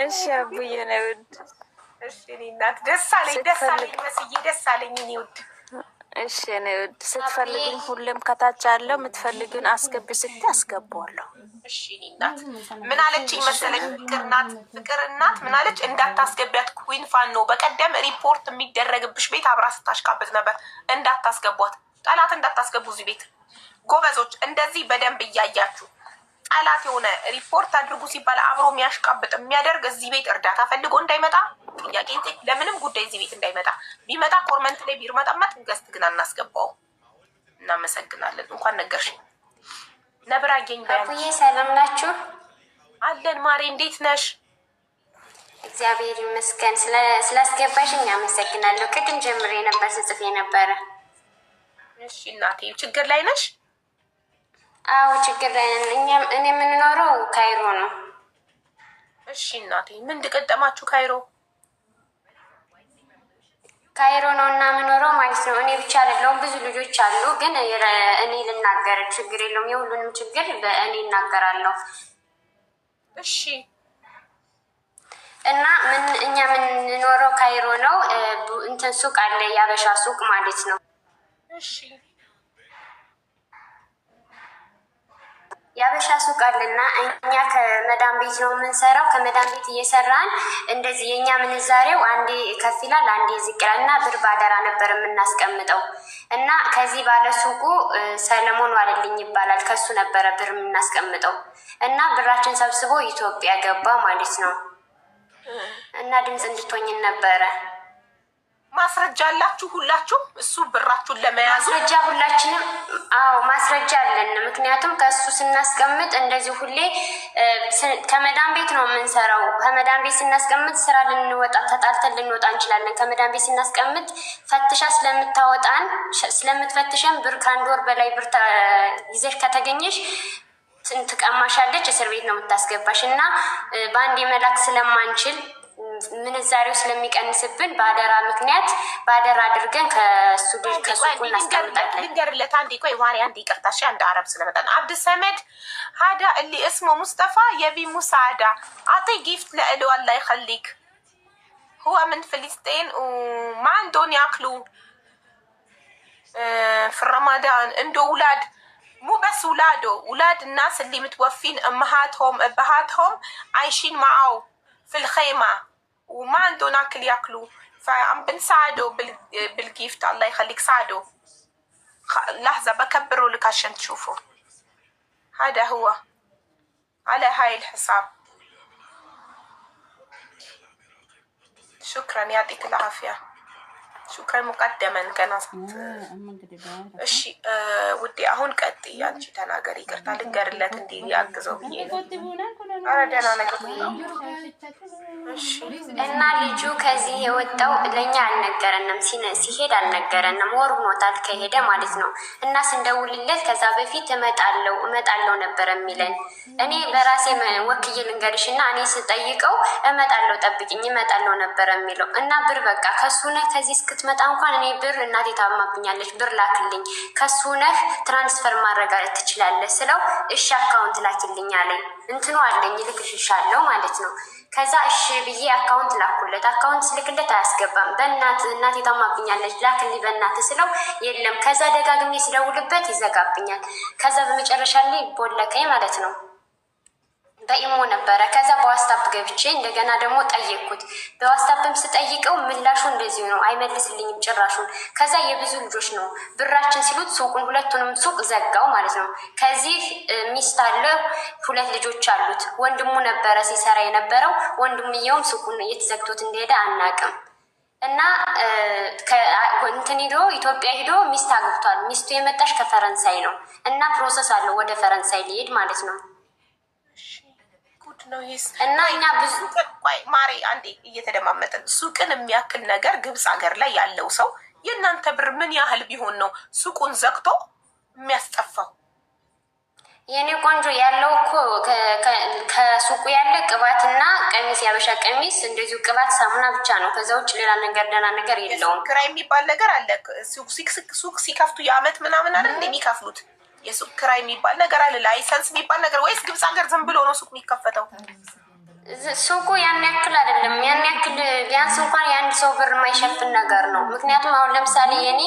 እሺ አቡዬ ነው ውድ። እሺ እኔ እናት ደስ አለኝ፣ ደስ አለኝ መስዬ፣ ደስ አለኝ እኔ ውድ። እሺ እኔ ውድ ከታች አለው። የምትፈልግን አስገቢ ስትይ አስገባዋለሁ። እሺ እኔ እናት ምን አለችኝ መሰለኝ ፍቅር ፍቅር እናት ምን አለች እንዳታስገቢያት። ኩዊን ፋን ነው በቀደም ሪፖርት የሚደረግብሽ ቤት አብራ ስታሽቃበት ነበር። እንዳታስገቧት፣ ጠላት እንዳታስገቡ እዚህ ቤት ጎበዞች። እንደዚህ በደንብ እያያችሁ ጠላት የሆነ ሪፖርት አድርጉ ሲባል አብሮ የሚያሽቃብጥ የሚያደርግ እዚህ ቤት እርዳታ ፈልጎ እንዳይመጣ ጥያቄ ለምንም ጉዳይ እዚህ ቤት እንዳይመጣ ቢመጣ ኮርመንት ላይ ቢር መጠመጥ ገስት ግን አናስገባው። እናመሰግናለን። እንኳን ነገርሽ አገኝ ባቡዬ፣ ሰላም ናችሁ? አለን ማሬ፣ እንዴት ነሽ? እግዚአብሔር ይመስገን። ስላስገባሽኝ አመሰግናለሁ። ከግን ጀምሬ ነበር ስጽፍ የነበረ። እሺ እናቴ፣ ችግር ላይ ነሽ? አዎ ችግር ላይ እኔ የምንኖረው ካይሮ ነው። እሺ እናቴ ምን እንደገጠማችሁ? ካይሮ ካይሮ ነው እና የምኖረው ማለት ነው። እኔ ብቻ አይደለሁም ብዙ ልጆች አሉ። ግን እኔ ልናገር ችግር የለውም። የሁሉንም ችግር በእኔ እናገራለሁ። እሺ እና ምን እኛ የምንኖረው ካይሮ ነው። እንትን ሱቅ አለ፣ ያበሻ ሱቅ ማለት ነው። እሺ የአበሻ ሱቅ አለና እኛ ከመዳን ቤት ነው የምንሰራው። ከመዳን ቤት እየሰራን እንደዚህ የእኛ ምንዛሬው አንዴ ከፍ ይላል፣ አንዴ ዝቅ ይላል እና ብር ባደራ ነበር የምናስቀምጠው እና ከዚህ ባለ ሱቁ ሰለሞን ዋልልኝ ይባላል። ከሱ ነበረ ብር የምናስቀምጠው እና ብራችን ሰብስቦ ኢትዮጵያ ገባ ማለት ነው እና ድምፅ እንድትሆኝን ነበረ ማስረጃ አላችሁ ሁላችሁም። እሱ ብራችሁን ለመያዝ ማስረጃ ሁላችንም፣ አዎ ማስረጃ አለን። ምክንያቱም ከእሱ ስናስቀምጥ እንደዚህ ሁሌ ከመዳን ቤት ነው የምንሰራው። ከመዳን ቤት ስናስቀምጥ ስራ ልንወጣ ተጣልተን ልንወጣ እንችላለን። ከመዳን ቤት ስናስቀምጥ ፈትሻ ስለምታወጣን ስለምትፈትሸን ብር ከአንድ ወር በላይ ብር ይዘሽ ከተገኘሽ ትቀማሻለች፣ እስር ቤት ነው የምታስገባሽ እና በአንድ የመላክ ስለማንችል ምንዛሬው ስለሚቀንስብን በአደራ ምክንያት በአደራ አድርገን ከሱ ከሱቁ እናስቀምጣለን። ልንገርለት አንዴ ቆይ ዋሪ አንድ ይቅርታ ሺ አንድ አረብ ስለመጣን አብድ ሰመድ ሀዳ እሊ እስሞ ሙስጠፋ የቢ ሙሳዳ አጢ ጊፍት ለእሉ አላ ይኸሊክ هو من فلسطين وما عندهم ياكلوا في رمضان عنده اولاد مو بس ولاده ولاد الناس اللي متوفين امهاتهم ابهاتهم عايشين معه في الخيمه وما عنده ناكل ياكلو فعم بنساعده بالجيفت الله يخليك ساعده لحظة بكبره لك عشان تشوفه هذا هو على هاي الحساب شكرا يعطيك العافية شكرا مقدما ودي اهون ውዴ يعني انا አንቺ ተናገሪ። على ልንገርለት እንዲህ ያግዘው ብዬ انا ኧረ انا ነገር እና ልጁ ከዚህ የወጣው ለእኛ አልነገረንም፣ ሲሄድ አልነገረንም። ወር ሞታል ከሄደ ማለት ነው። እና ስንደውልለት ከዛ በፊት እመጣለው እመጣለው ነበር የሚለን። እኔ በራሴ ወክዬ ልንገርሽ እና እኔ ስጠይቀው እመጣለው ጠብቅኝ እመጣለው ነበር የሚለው እና ብር በቃ ከሱ ነህ ከዚህ እስክትመጣ እንኳን እኔ ብር እናቴ ታማብኛለች፣ ብር ላክልኝ፣ ከሱ ነህ ትራንስፈር ማድረግ ትችላለህ ስለው እሺ አካውንት ላኪልኝ አለኝ። እንትኑ አለኝ እልክልሻለሁ ማለት ነው። ከዛ እሺ ብዬ አካውንት ላኩለት። አካውንት ስልክለት አያስገባም። በእናት እናቴ ታማብኛለች ላክልኝ በእናት ስለው የለም። ከዛ ደጋግሜ ስደውልበት ይዘጋብኛል። ከዛ በመጨረሻ ላይ ቦለከኝ ማለት ነው። በኢሞ ነበረ። ከዛ በዋስታፕ ገብቼ እንደገና ደግሞ ጠየቅኩት። በዋስታፕም ስጠይቀው ምላሹ እንደዚሁ ነው፣ አይመልስልኝም ጭራሹን። ከዛ የብዙ ልጆች ነው ብራችን ሲሉት ሱቁን ሁለቱንም ሱቅ ዘጋው ማለት ነው። ከዚህ ሚስት አለ፣ ሁለት ልጆች አሉት። ወንድሙ ነበረ ሲሰራ የነበረው ወንድምየውም ሱቁን እየተዘግቶት እንደሄደ አናቅም። እና እንትን ሂዶ ኢትዮጵያ ሂዶ ሚስት አግብቷል። ሚስቱ የመጣች ከፈረንሳይ ነው እና ፕሮሰስ አለው ወደ ፈረንሳይ ሊሄድ ማለት ነው። ምንድነው እና እኛ ብዙ ቆይ ማሬ አንዴ እየተደማመጠን ሱቅን የሚያክል ነገር ግብፅ ሀገር ላይ ያለው ሰው የእናንተ ብር ምን ያህል ቢሆን ነው ሱቁን ዘግቶ የሚያስጠፋው? የኔ ቆንጆ ያለው እኮ ከሱቁ ያለ ቅባትና ቀሚስ፣ ያበሻ ቀሚስ እንደዚሁ ቅባት፣ ሳሙና ብቻ ነው። ከዛ ውጭ ሌላ ነገር ደህና ነገር የለውም። ክራይ የሚባል ነገር አለ። ሱቅ ሲከፍቱ የአመት ምናምን አለ የሚከፍሉት የሱቅ ክራይ የሚባል ነገር አለ፣ ላይሰንስ የሚባል ነገር ወይስ ግብፅ ሀገር ዝም ብሎ ነው ሱቅ የሚከፈተው? ሱቁ ያን ያክል አይደለም። ያን ያክል ቢያንስ እንኳን የአንድ ሰው ብር የማይሸፍን ነገር ነው። ምክንያቱም አሁን ለምሳሌ የኔ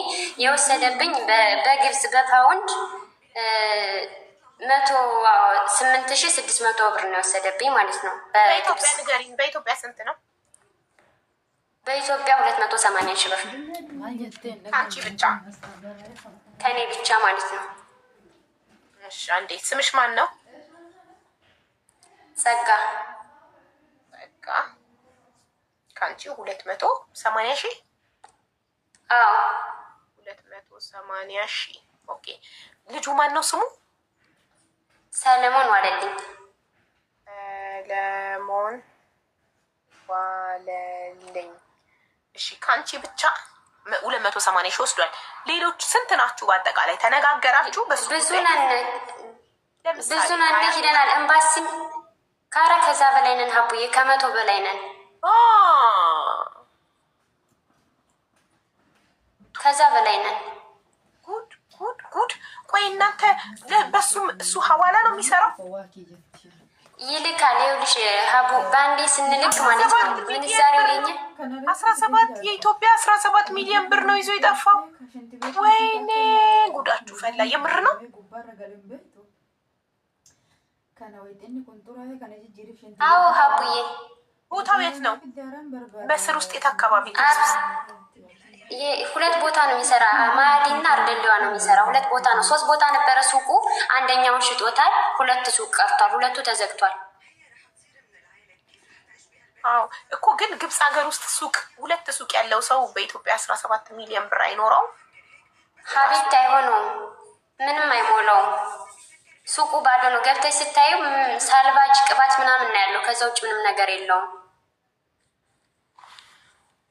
የወሰደብኝ በግብፅ በፓውንድ መቶ ስምንት ሺ ስድስት መቶ ብር ነው የወሰደብኝ ማለት ነው። በኢትዮጵያ ንገሪኝ፣ በኢትዮጵያ ስንት ነው? በኢትዮጵያ ሁለት መቶ ሰማንያ ሺ ብር አንቺ ብቻ ከኔ ብቻ ማለት ነው። አንዴ ስምሽ ማን ነው? ጸጋ ጸጋ ከአንቺ ሁለት መቶ ሰማንያ ሺህ ሁለት መቶ ሰማንያ ሺህ ኦኬ። ልጁ ማን ነው ስሙ? ሰለሞን ዋለልኝ። ሰለሞን ዋለልኝ። እሺ ከአንቺ ብቻ ሁለት መቶ ሰማንያ ሺህ ወስዷል። ሌሎች ስንት ናችሁ? በአጠቃላይ ተነጋገራችሁ? ብዙ ነን ሂደናል። ኤምባሲም ካረ ከዛ በላይ ነን። ሀቡዬ ከመቶ በላይ ነን። ከዛ በላይ ነን። ጉድ ጉድ ጉድ። ቆይ እናንተ በሱም እሱ ሀዋላ ነው የሚሰራው ይልካል። ይኸውልሽ ሀቡ በአንዴ ስንልክ ማለት ነው ምንዛሬ ወይኝ አስራ ሰባት የኢትዮጵያ አስራ ሰባት ሚሊዮን ብር ነው ይዞ የጠፋው። ወይኔ ጉዳችሁ ፈላ። የምር ነው አዎ። ሀቡዬ ቦታው የት ነው? በስር የት አካባቢ ሁለት ቦታ ነው የሚሰራ። ማዲና አርደለዋ ነው የሚሰራ። ሁለት ቦታ ነው፣ ሶስት ቦታ ነበረ ሱቁ። አንደኛውን ሽጦታል። ሁለት ሱቅ ቀርቷል። ሁለቱ ተዘግቷል። አዎ እኮ ግን ግብፅ ሀገር ውስጥ ሱቅ ሁለት ሱቅ ያለው ሰው በኢትዮጵያ አስራ ሰባት ሚሊዮን ብር አይኖረውም። ሀቤት አይሆነውም፣ ምንም አይሞላውም። ሱቁ ባዶ ነው። ገብተሽ ስታዩ ሳልባጅ ቅባት ምናምን ነው ያለው። ከዛ ውጭ ምንም ነገር የለውም።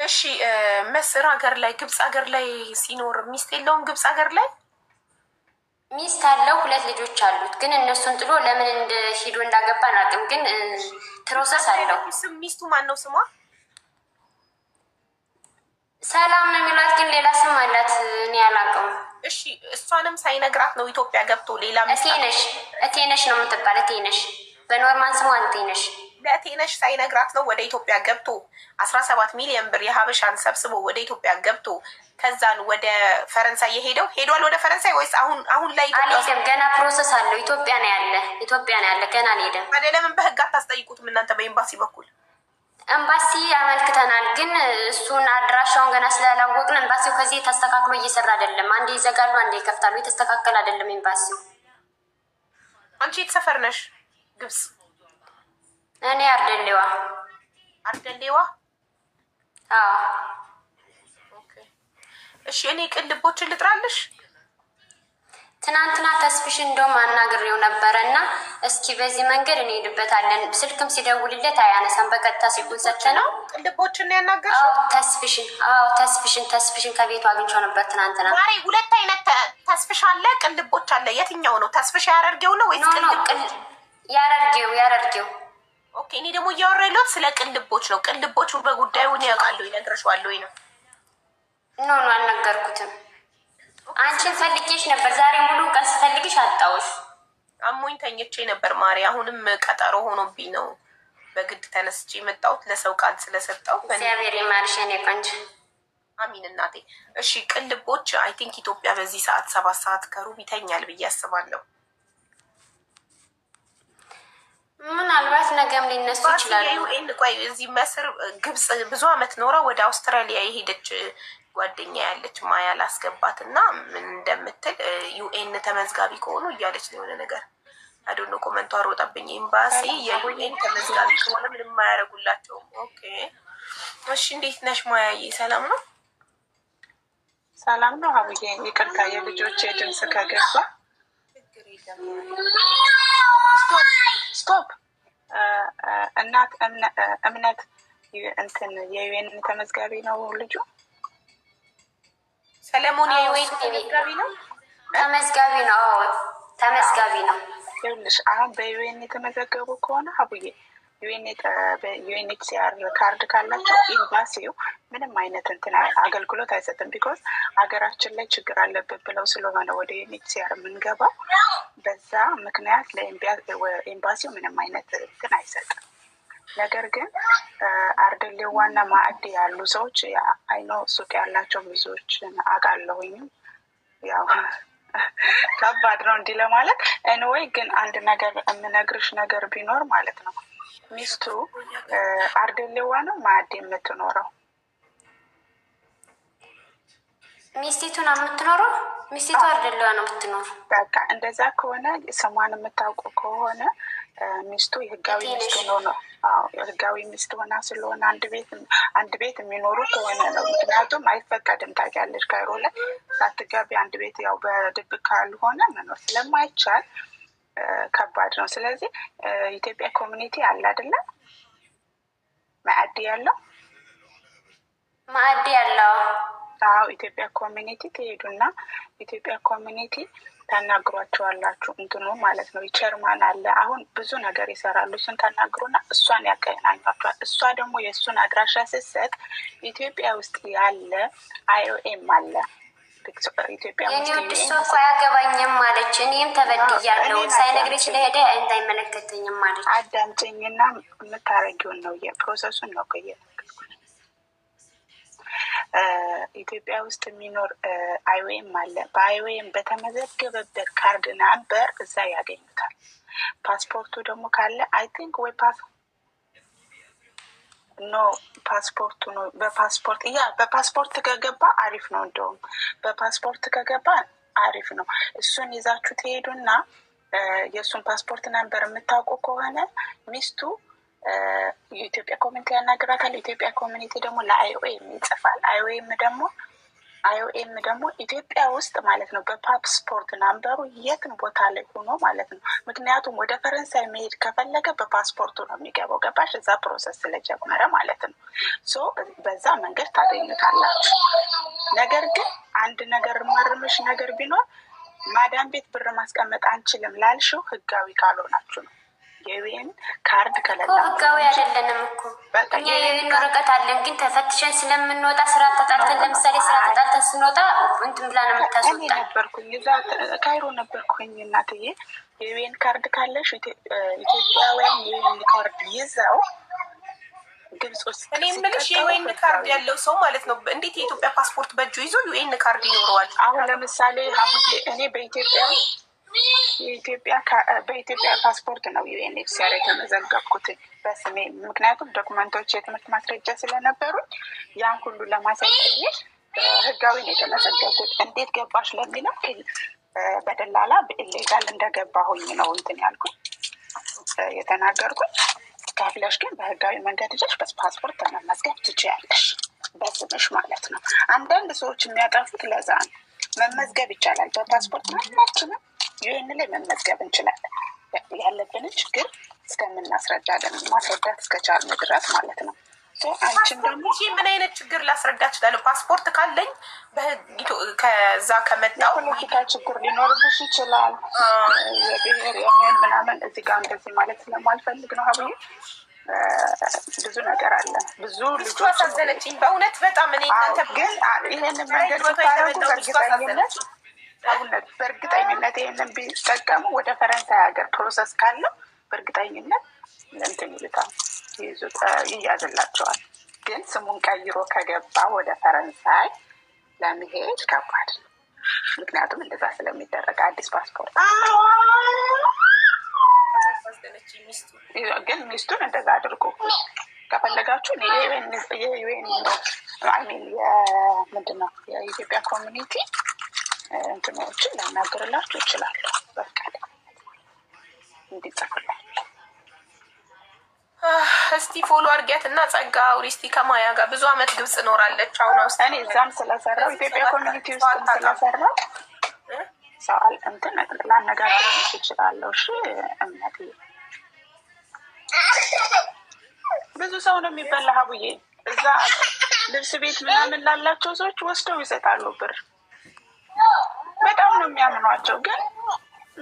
እሺ መስር ሀገር ላይ ግብፅ ሀገር ላይ ሲኖር ሚስት የለውም። ግብፅ ሀገር ላይ ሚስት አለው፣ ሁለት ልጆች አሉት። ግን እነሱን ጥሎ ለምን ሂዶ እንዳገባ አናውቅም። ግን ፕሮሰስ አለው። ሚስቱ ማን ነው ስሟ? ሰላም ነው የሚሏት፣ ግን ሌላ ስም አላት። እኔ አላውቅም። እሺ እሷንም ሳይነግራት ነው ኢትዮጵያ ገብቶ ሌላ እቴነሽ እቴነሽ ነው የምትባል። እቴነሽ በኖርማን ስሟ እቴነሽ ብለቴነሽ ሳይነግራት ነው ወደ ኢትዮጵያ ገብቶ አስራ ሰባት ሚሊዮን ብር የሀበሻን ሰብስቦ ወደ ኢትዮጵያ ገብቶ ከዛን ወደ ፈረንሳይ የሄደው ሄዷል። ወደ ፈረንሳይ ወይስ አሁን አሁን ላይ አልሄደም? ገና ፕሮሰስ አለው። ኢትዮጵያ ነው ያለ፣ ኢትዮጵያ ነው ያለ፣ ገና አልሄደም። ወደ ለምን በህግ አታስጠይቁትም እናንተ በኤምባሲ በኩል? ኤምባሲ አመልክተናል፣ ግን እሱን አድራሻውን ገና ስላላወቅን ኤምባሲው ከዚህ ተስተካክሎ እየሰራ አይደለም። አንዴ ይዘጋሉ፣ አንዴ ይከፍታሉ። የተስተካከል አይደለም ኤምባሲው። አንቺ የት ሰፈር ነሽ? ግብጽ እኔ አርደሌዋ አርደሌዋ። እሺ እኔ ቅልቦችን ልጥራልሽ። ትናንትና ተስፍሽ እንደውም አናግሬው ነበረ እና እስኪ በዚህ መንገድ እንሄድበታለን። ስልክም ሲደውልለት አያነሳም። በቀጥታ ሲቁንሰች ነው ቅልቦችን ያናገር ተስፍሽን። አዎ ተስፍሽን ተስፍሽን ከቤቱ አግኝቼው ነበር ትናንትና። ዛሬ ሁለት አይነት ተስፍሽ አለ፣ ቅልቦች አለ። የትኛው ነው ተስፍሽ? ያረርጌው ነው ወይስ ቅልብ? ያረርጌው ያረርጌው ኦኬ። እኔ ደግሞ እያወራ ያለሁት ስለ ቅልቦች ነው። በጉዳዩ በጉዳዩን ያውቃሉ፣ ይነግረሻሉ ነው። ኖ ኖ አልነገርኩትም። አንቺን ፈልጌሽ ነበር። ዛሬ ሙሉ ቀን ስፈልግሽ አጣውሽ። አሞኝ ተኝቼ ነበር ማሪ። አሁንም ቀጠሮ ሆኖብኝ ነው በግድ ተነስቼ የመጣሁት ለሰው ቃል ስለሰጠው። እግዚአብሔር ይማርሽ የኔ ቆንጆ። አሚን እናቴ። እሺ ቅልቦች፣ አይ ቲንክ ኢትዮጵያ በዚህ ሰዓት ሰባት ሰዓት ከሩብ ይተኛል ብዬ አስባለሁ። ምናልባት ነገም ሊነሱ ይችላሉ። ቆይ እዚህ መስር ግብጽ ብዙ አመት ኖራ ወደ አውስትራሊያ የሄደች ጓደኛ ያለች ማያ ላስገባት እና ምን እንደምትል ዩኤን ተመዝጋቢ ከሆኑ እያለች ነው የሆነ ነገር አዶነ ኮመንቱ አሮጣብኝ። ኤምባሲ የዩኤን ተመዝጋቢ ከሆነ ምንም አያደርጉላቸውም። ኦኬ እሺ። እንዴት ነሽ ማያዬ? ሰላም ነው። ሰላም ነው አብዬ። ይቅርታ የልጆች ድምጽ ከገባ ችግር የለም። ስቶፕ እናት እምነት እንትን የዩኤን ተመዝጋቢ ነው ልጁ ሰለሞን ተመዝጋቢ ነው ተመዝጋቢ ነው። ይኸውልሽ አሁን በዩኤን የተመዘገቡ ከሆነ አቡዬ ዩኤንኤችሲአር ካርድ ካላቸው ኤምባሲው ምንም አይነት እንትን አገልግሎት አይሰጥም። ቢኮዝ ሀገራችን ላይ ችግር አለብን ብለው ስለሆነ ወደ ዩኤንኤችሲአር የምንገባው በዛ ምክንያት ለኤምባሲው ምንም አይነት እንትን አይሰጥም። ነገር ግን አርደሌ ዋና ማዕድ ያሉ ሰዎች አይኖ ሱቅ ያላቸው ብዙዎችን አውቃለሁኝም ያው ከባድ ነው እንዲህ ለማለት። ኤኒዌይ ግን አንድ ነገር የምነግርሽ ነገር ቢኖር ማለት ነው ሚስቱ አርደሌዋ ነው ማዕድ የምትኖረው ሚስቲቱ ነው የምትኖረው። ሚስቲቱ አርደሌዋ ነው የምትኖር። በቃ እንደዛ ከሆነ ስሟን የምታውቁ ከሆነ ሚስቱ የህጋዊ ሚስቱ ነው። ህጋዊ ሚስት ሆና ስለሆነ አንድ ቤት አንድ ቤት የሚኖሩ ከሆነ ነው። ምክንያቱም አይፈቀድም ታውቂያለሽ፣ ካይሮ ላይ ሳትጋቢ አንድ ቤት ያው በድብቅ ካልሆነ መኖር ስለማይቻል ከባድ ነው። ስለዚህ ኢትዮጵያ ኮሚኒቲ አለ አይደለም፣ ማዕድ ያለው ማዕድ ያለው አዎ፣ ኢትዮጵያ ኮሚኒቲ ትሄዱና ኢትዮጵያ ኮሚኒቲ ታናግሯቸዋላችሁ። እንትኑ ማለት ነው ቸርማን አለ። አሁን ብዙ ነገር ይሰራሉ። እሱን ታናግሩና እሷን ያገናኟቸዋል። እሷ ደግሞ የእሱን አድራሻ ስትሰጥ ኢትዮጵያ ውስጥ ያለ አይኦኤም አለ ኢትዮጵያ እሷ እኮ አያገባኝም አለች። እኔም ተበድያለሁ እንዳይመለከተኝም አለች። አዳምጪኝና የምታረጊውን ነው የፕሮሰሱን ነው ኢትዮጵያ ውስጥ የሚኖር አይዌም አለ። በተመዘገበበት ካርድ ናምበር እዛ ያገኙታል። ፓስፖርቱ ደግሞ ካለ አይ ቲንክ ወይ ፓስፖርት ኖ ፓስፖርቱ ነው። በፓስፖርት ያ በፓስፖርት ከገባ አሪፍ ነው። እንደውም በፓስፖርት ከገባ አሪፍ ነው። እሱን ይዛችሁ ትሄዱና የእሱን ፓስፖርት ነንበር የምታውቁ ከሆነ ሚስቱ የኢትዮጵያ ኮሚኒቲ ያናግራታል። የኢትዮጵያ ኮሚኒቲ ደግሞ ለአይኦኤም ይጽፋል። አይኦኤም ደግሞ አይኦኤም ደግሞ ኢትዮጵያ ውስጥ ማለት ነው በፓስፖርት ናምበሩ የትን ቦታ ላይ ሆኖ ማለት ነው። ምክንያቱም ወደ ፈረንሳይ መሄድ ከፈለገ በፓስፖርቱ ነው የሚገባው። ገባሽ? እዛ ፕሮሰስ ስለጀመረ ማለት ነው። ሶ በዛ መንገድ ታገኙታላችሁ። ነገር ግን አንድ ነገር ማርምሽ ነገር ቢኖር ማዳም ቤት ብር ማስቀመጥ አንችልም ላልሽው ህጋዊ ካልሆናችሁ ነው። የዩኤን ካርድ ከለላ ህጋዊ አይደለንም እኮ እኛ የዩኤን ወረቀት አለን፣ ግን ተፈትሸን ስለምንወጣ ስራ ተጣልተን፣ ለምሳሌ ስራ ተጣልተን ስንወጣ እንትን ብላ ነው የምታስወጣ። ነበርኩኝ እዛ ካይሮ ነበርኩኝ። እናትዬ የዩኤን ካርድ ካለሽ ኢትዮጵያውያን የዩኤን ካርድ ይዘው ግብጾች እኔ የምልሽ የዩኤን ካርድ ያለው ሰው ማለት ነው። እንዴት የኢትዮጵያ ፓስፖርት በእጁ ይዞ ዩኤን ካርድ ይኖረዋል? አሁን ለምሳሌ ሀቡቴ እኔ በኢትዮጵያ በኢትዮጵያ ፓስፖርት ነው ዩኤንኤችሲአር የተመዘገብኩት በስሜ። ምክንያቱም ዶክመንቶች የትምህርት ማስረጃ ስለነበሩ ያን ሁሉ ለማሳየት ህጋዊ ነው የተመዘገብኩት። እንዴት ገባሽ ለሚለው በደላላ ኢሌጋል ሆኝ ነው እንትን ያልኩት የተናገርኩት። ከፍለሽ ግን በህጋዊ መንገድ ልጆች በፓስፖርት መመዝገብ ትችያለሽ፣ በስምሽ ማለት ነው። አንዳንድ ሰዎች የሚያጠፉት ለዛ ነው። መመዝገብ ይቻላል በፓስፖርት ማናችንም ይህን ላይ መመዝገብ እንችላለን። ያለብንን ችግር እስከምናስረዳ ማስረዳት እስከቻልን ድረስ ማለት ነው። አንቺም ምን አይነት ችግር ላስረዳ እችላለሁ? ፓስፖርት ካለኝ ከዛ ከመጣው የፖለቲካ ችግር ሊኖርብሽ ይችላል። የብሄር የሚሆን ምናምን እዚህ ጋር እንደዚህ ማለት ስለማልፈልግ ነው ሀብዬ ብዙ ነገር አለ። ብዙ ልጆች አሳዘነችኝ በእውነት በጣም እኔ እናንተ ግን ይህንን መንገድ ታረጉ በእርግጠኝነት አቡነት በእርግጠኝነት ይህንን ቢጠቀሙ ወደ ፈረንሳይ ሀገር ፕሮሰስ ካለው በእርግጠኝነት እንትን ይዙ ይያዝላቸዋል። ግን ስሙን ቀይሮ ከገባ ወደ ፈረንሳይ ለመሄድ ከባድ ነው። ምክንያቱም እንደዛ ስለሚደረግ አዲስ ፓስፖርት ግን ሚስቱን እንደዛ አድርጎ ከፈለጋችሁ ምንድን ነው የኢትዮጵያ ኮሚኒቲ እንትኖችን ላናግርላችሁ እችላለሁ። በቃ እንዲጽፍላል እስቲ ፎሎ አድርጊያት እና ጸጋ አውሪ ከማያ ጋር ብዙ አመት ግብጽ ኖራለች። አሁን ውስጥ እኔ እዛም ስለሰራው ኢትዮጵያ ኮሚኒቲ ውስጥ ስለሰራው ሰዋል እንትን ላነጋግርልሽ እችላለሁ። እሺ እምነት ብዙ ሰው ነው የሚበላ ሀቡዬ። እዛ ልብስ ቤት ምናምን ላላቸው ሰዎች ወስደው ይሰጣሉ ብር በጣም ነው የሚያምኗቸው። ግን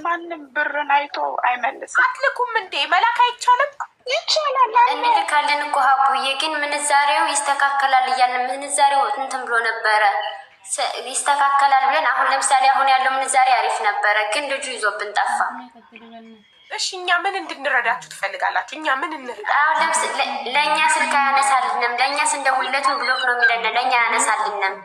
ማንም ብርን አይቶ አይመልስም። አትልኩም እንዴ? መላክ አይቻልም? ይቻላል። እንልካለን እኮ ሀቡዬ። ግን ምንዛሬው ይስተካከላል እያለ ምንዛሬው እንትን ብሎ ነበረ ይስተካከላል ብለን አሁን ለምሳሌ አሁን ያለው ምንዛሬ አሪፍ ነበረ፣ ግን ልጁ ይዞብን ጠፋ። እሺ እኛ ምን እንድንረዳችሁ ትፈልጋላችሁ? እኛ ምን እንርዳ? ለእኛ ስልክ አያነሳልንም። ለእኛ ስንደውልለትም ብሎክ ነው የሚለን። ለእኛ አያነሳልንም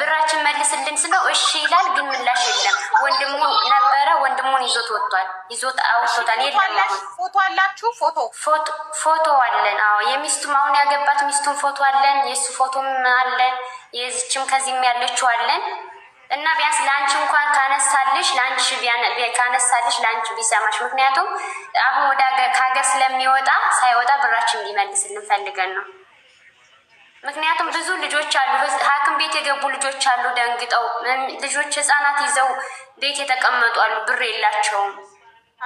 ብራችን መልስልን ስለው እሺ ይላል፣ ግን ምላሽ የለም። ወንድሙ ነበረ፣ ወንድሙን ይዞት ወጥቷል። ይዞት አውጥቶታል። የለም ፎቶ አላችሁ? ፎቶ ፎቶ አለን። አዎ የሚስቱም አሁን ያገባት ሚስቱን ፎቶ አለን፣ የእሱ ፎቶም አለን፣ የዚችም ከዚህም ያለችው አለን። እና ቢያንስ ለአንቺ እንኳን ካነሳልሽ ለአንቺ ካነሳልሽ ለአንቺ ቢሰማሽ። ምክንያቱም አሁን ወደ ከሀገር ስለሚወጣ ሳይወጣ ብራችን ሊመልስልን ፈልገን ነው ምክንያቱም ብዙ ልጆች አሉ፣ ሐኪም ቤት የገቡ ልጆች አሉ፣ ደንግጠው ልጆች ህጻናት ይዘው ቤት የተቀመጡ አሉ፣ ብር የላቸውም።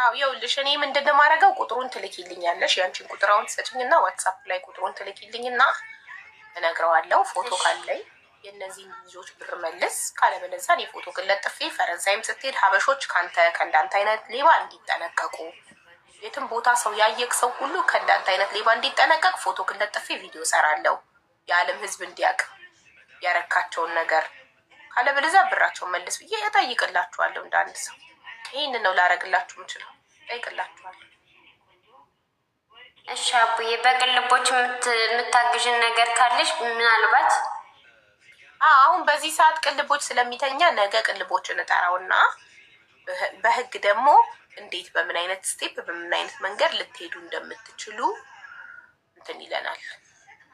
አዎ ይኸውልሽ፣ እኔ ምንድን ማድረገው ቁጥሩን ትልኪልኛለሽ። ያንቺን ቁጥር አሁን ትሰጭኝና ዋትሳፕ ላይ ቁጥሩን ትልኪልኝና እነግረዋለሁ። ፎቶ ካለኝ የእነዚህ ልጆች ብር መልስ፣ ካለበለዚያ እኔ ፎቶ ግን ለጥፌ ፈረንሳይም ስትሄድ ሀበሾች ከአንተ ከእንዳንተ አይነት ሌባ እንዲጠነቀቁ የትም ቦታ ሰው ያየቅ ሰው ሁሉ ከእንዳንተ አይነት ሌባ እንዲጠነቀቅ ፎቶ ግን ለጥፌ ቪዲዮ እሰራለሁ። የዓለም ህዝብ እንዲያውቅ ያረካቸውን ነገር ካለበለዚያ ብራቸውን መልስ ብዬ እጠይቅላችኋለሁ። እንደ አንድ ሰው ይህን ነው ላረግላችሁ ምችለው እጠይቅላችኋለሁ። እሺ አቡዬ፣ በቅልቦች የምታግዥን ነገር ካለሽ ምናልባት አሁን በዚህ ሰዓት ቅልቦች ስለሚተኛ ነገ ቅልቦችን እጠራውና በህግ ደግሞ እንዴት በምን አይነት ስቴፕ በምን አይነት መንገድ ልትሄዱ እንደምትችሉ እንትን ይለናል።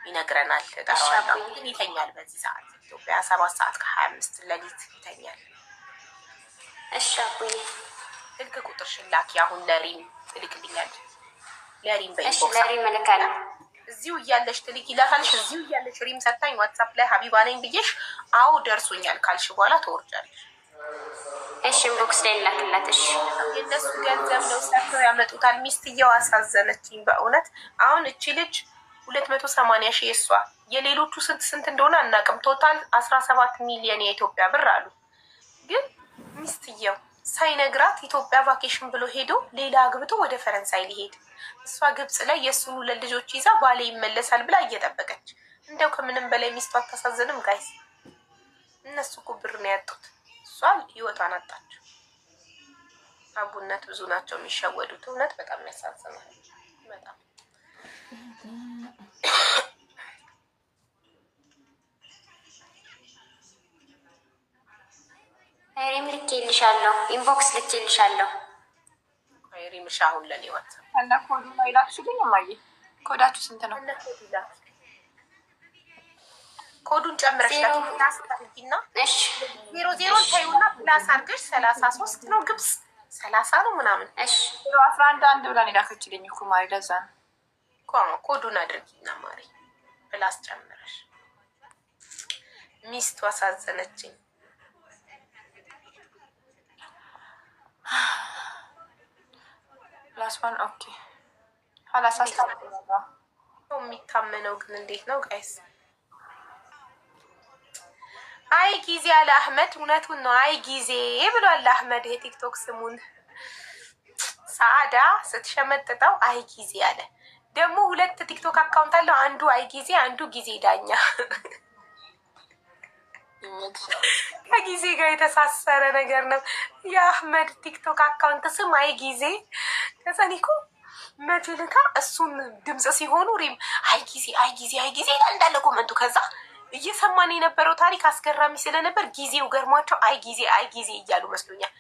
ይነግረናል። ዳራዋዳሁ ግን ይተኛል። በዚህ ሰዓት ኢትዮጵያ ሰባት ሰዓት ከሀያ አምስት ሌሊት ይተኛል። እሺ አቡዬ ስልክ ቁጥር ሽላኪ አሁን ለሪም ትልክልኛል። ለሪም በለሪም እልካለሁ። እዚሁ እያለሽ ትልክ ይላታልሽ። እዚሁ እያለሽ ሪም ሰታኝ ዋትሳፕ ላይ ሀቢባ ነኝ ብዬሽ አዎ ደርሶኛል ካልሽ በኋላ ተወርጃለሽ። እሺ ኢንቦክስ ላይ ላክላትሽ። የእነሱ ገንዘብ ነው ሰርተው ያመጡታል። ሚስትየው አሳዘነችኝ በእውነት አሁን እቺ ልጅ ሁለት መቶ ሰማንያ ሺህ የእሷ የሌሎቹ ስንት ስንት እንደሆነ አናውቅም። ቶታል አስራ ሰባት ሚሊዮን የኢትዮጵያ ብር አሉ። ግን ሚስትየው ሳይነግራት ኢትዮጵያ ቫኬሽን ብሎ ሄዶ ሌላ አግብቶ ወደ ፈረንሳይ ሊሄድ እሷ ግብፅ ላይ የእሱን ሁለት ልጆች ይዛ ባሌ ይመለሳል ብላ እየጠበቀች እንደው ከምንም በላይ ሚስቱ አታሳዝንም ጋይስ? እነሱ እኮ ብር ነው ያጡት፣ እሷ ህይወቷን አጣች። አቡነት ብዙ ናቸው የሚሸወዱት። እውነት በጣም ያሳዝናል በጣም ሪም ልክ ይልሻለሁ፣ ኢንቦክስ ልክ ይልሻለሁ። ሪም እሺ፣ አሁን ለኔ ወጥ እና ኮዱ ኮዳችሁ ስንት ነው? ኮዱን ጨምረሽ ዜሮ ዜሮ ታዩና ፕላስ አድርገሽ ሰላሳ ሶስት ነው ግብጽ ሰላሳ ነው ምናምን። አስራ አንድ አንድ ብላን ነው እኮ ማሪ። ለዛ ነው ኮዱን አድርጊና ላስጨምርሽ። ሚስቱ አሳዘነችኝ። ላስዋን ኦኬ ሀላሳስ የሚታመነው ግን እንዴት ነው ጋይስ? አይ ጊዜ አለ አህመድ፣ እውነቱን ነው። አይ ጊዜ ብሏል አህመድ። የቲክቶክ ስሙን ሰአዳ ስትሸመጥጠው አይ ጊዜ አለ። ደግሞ ሁለት ቲክቶክ አካውንት አለው። አንዱ አይ ጊዜ፣ አንዱ ጊዜ ዳኛ ከጊዜ ጋር የተሳሰረ ነገር ነው። የአህመድ ቲክቶክ አካውንት ስም አይ ጊዜ ከጸኒኮ መትልካ እሱን ድምፅ ሲሆኑ ሪም አይ ጊዜ አይ ጊዜ አይ ጊዜ ይላል እንዳለ ኮመንቱ። ከዛ እየሰማን የነበረው ታሪክ አስገራሚ ስለነበር ጊዜው ገርሟቸው አይ ጊዜ አይ ጊዜ እያሉ መስሎኛል።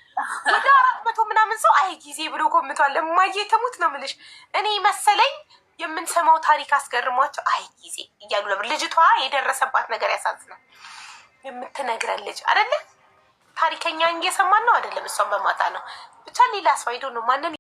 ወደ አራት መቶ ምናምን ሰው አይ ጊዜ ብሎ ኮምቷል። እማዬ ትሙት ነው የምልሽ እኔ መሰለኝ የምንሰማው ታሪክ አስገርሟቸው አይ ጊዜ እያሉ ነበር። ልጅቷ የደረሰባት ነገር ያሳዝናል። የምትነግረን ልጅ አደለ ታሪከኛ እንጂ ነው አደለም? እሷን በማጣ ነው ብቻ ሌላ ሰው አይዶ ነው ማንም